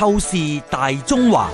透視大中華，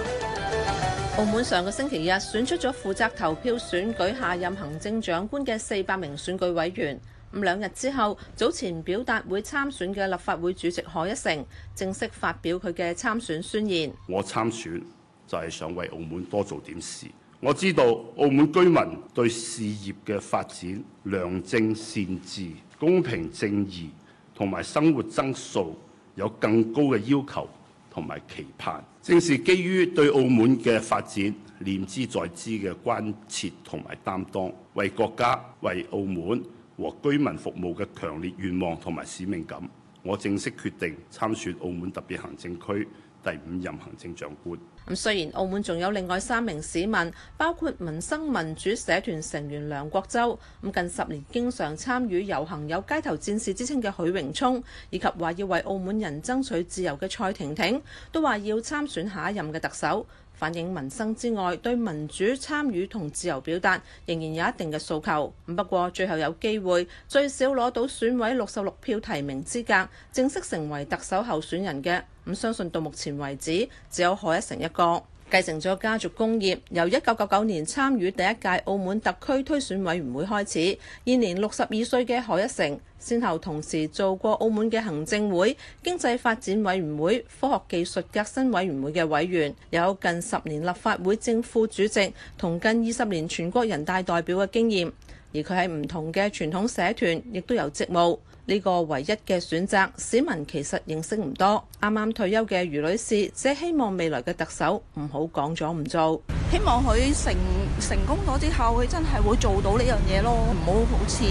澳門上個星期日選出咗負責投票選舉下任行政長官嘅四百名選舉委員。咁兩日之後，早前表達會參選嘅立法會主席賀一誠正式發表佢嘅參選宣言。我參選就係想為澳門多做點事。我知道澳門居民對事業嘅發展、良政善治、公平正義同埋生活增速有更高嘅要求。同埋期盼，正是基於對澳門嘅發展念茲在茲嘅關切同埋擔當，為國家、為澳門和居民服務嘅強烈願望同埋使命感，我正式決定參選澳門特別行政區第五任行政長官。咁雖然澳門仲有另外三名市民，包括民生民主社團成員梁國洲，咁近十年經常參與遊行，有街頭戰士之稱嘅許榮聰，以及話要為澳門人爭取自由嘅蔡婷婷，都話要參選下一任嘅特首，反映民生之外，對民主參與同自由表達仍然有一定嘅訴求。咁不過最後有機會最少攞到選委六十六票提名資格，正式成為特首候選人嘅。咁相信到目前為止，只有賀一誠一。國繼承咗家族工業，由一九九九年參與第一屆澳門特區推選委員會開始。現年六十二歲嘅賀一誠，先後同時做過澳門嘅行政會、經濟發展委員會、科學技術革新委員會嘅委員，有近十年立法會正副主席同近二十年全國人大代表嘅經驗，而佢喺唔同嘅傳統社團亦都有職務。呢個唯一嘅選擇，市民其實認識唔多。啱啱退休嘅余女士，只希望未來嘅特首唔好講咗唔做。希望佢成成功咗之後，佢真係會做到呢樣嘢咯。唔好好似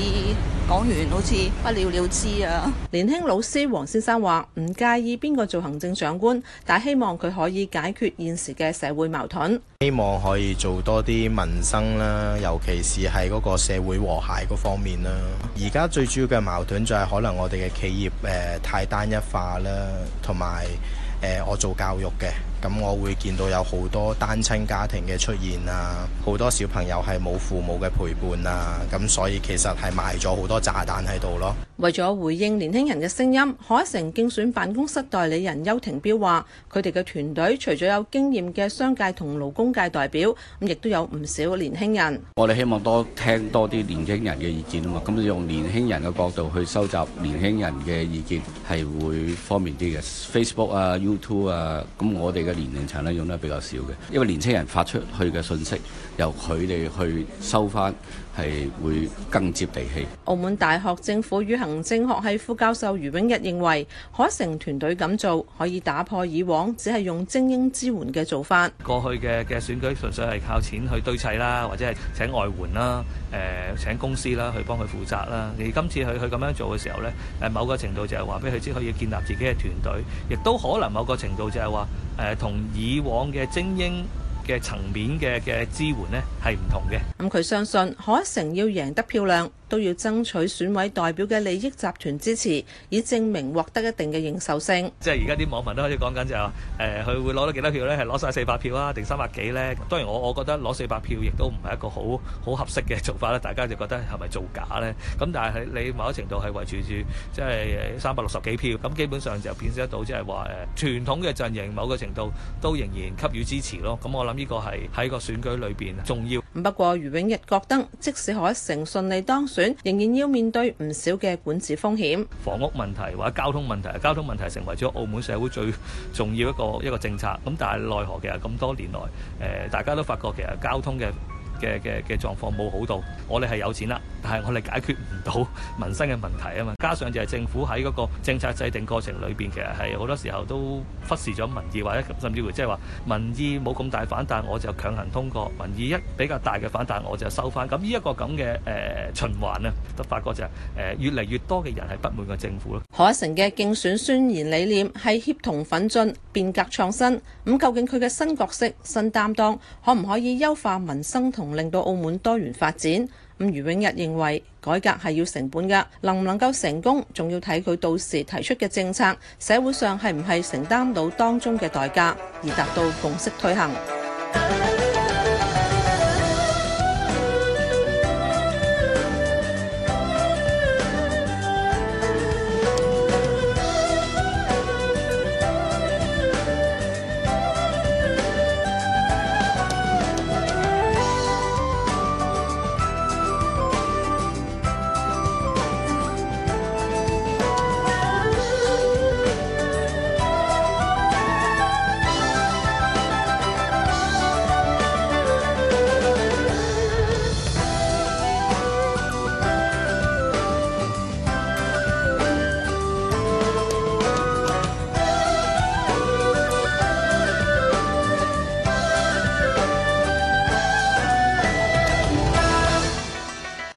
講完好似不了了之啊。年輕老師黃先生話唔介意邊個做行政長官，但係希望佢可以解決現時嘅社會矛盾。希望可以做多啲民生啦，尤其是係嗰個社會和諧嗰方面啦。而家最主要嘅矛盾就係可能我哋嘅企業誒太單一化啦，同埋誒我做教育嘅。咁我會見到有好多單親家庭嘅出現啊，好多小朋友係冇父母嘅陪伴啊，咁所以其實係埋咗好多炸彈喺度咯。為咗回應年輕人嘅聲音，賀一誠競選辦公室代理人邱庭彪話，佢哋嘅團隊除咗有經驗嘅商界同勞工界代表，咁亦都有唔少年輕人。我哋希望多聽多啲年輕人嘅意見啊嘛，咁用年輕人嘅角度去收集年輕人嘅意見係會方便啲嘅。Facebook 啊、YouTube 啊，咁我哋嘅年齡層咧用得比較少嘅，因為年輕人發出去嘅信息，由佢哋去收翻係會更接地氣。澳門大學政府與。行政學系副教授余永逸認為，賀一誠團隊咁做可以打破以往只係用精英支援嘅做法。過去嘅嘅選舉純粹係靠錢去堆砌啦，或者係請外援啦，誒、呃，請公司啦去幫佢負責啦。而今次佢佢咁樣做嘅時候呢，誒，某個程度就係話俾佢知，佢要建立自己嘅團隊，亦都可能某個程度就係話，誒、呃，同以往嘅精英嘅層面嘅嘅支援呢係唔同嘅。咁佢相信賀一誠要贏得漂亮，都要爭取選委代表嘅利益集團支持，以證明獲得一定嘅認受性。即係而家啲網民都開始講緊就話誒，佢、呃、會攞到幾多票咧？係攞晒四百票啊，定三百幾咧？當然，我我覺得攞四百票亦都唔係一個好好合適嘅做法啦。大家就覺得係咪造假咧？咁但係你某程度係維持住即係三百六十幾票，咁基本上就變成得到即係話誒傳統嘅陣營某個程度都仍然給予支持咯。咁我諗呢個係喺個選舉裏邊重要。不過，余永逸覺得，即使賀一誠順利當選，仍然要面對唔少嘅管治風險。房屋問題或者交通問題，交通問題成為咗澳門社會最重要一個一個政策。咁但係奈何其實咁多年來，誒、呃、大家都發覺其實交通嘅嘅嘅嘅狀況冇好到，我哋係有錢啦，但係我哋解決唔到民生嘅問題啊嘛。加上就係政府喺嗰個政策制定過程裏邊，其實係好多時候都忽視咗民意，或者甚至乎即係話民意冇咁大反彈，我就強行通過；民意一比較大嘅反彈，我就收翻。咁呢一個咁嘅誒循環啊，都發覺就係誒越嚟越多嘅人係不滿個政府咯。賀一誠嘅競選宣言理念係協同奮進、變革創新。咁究竟佢嘅新角色、新擔當，可唔可以優化民生同令到澳門多元發展。咁余永逸認為改革係要成本㗎，能唔能夠成功，仲要睇佢到時提出嘅政策，社會上係唔係承擔到當中嘅代價，而達到共識推行。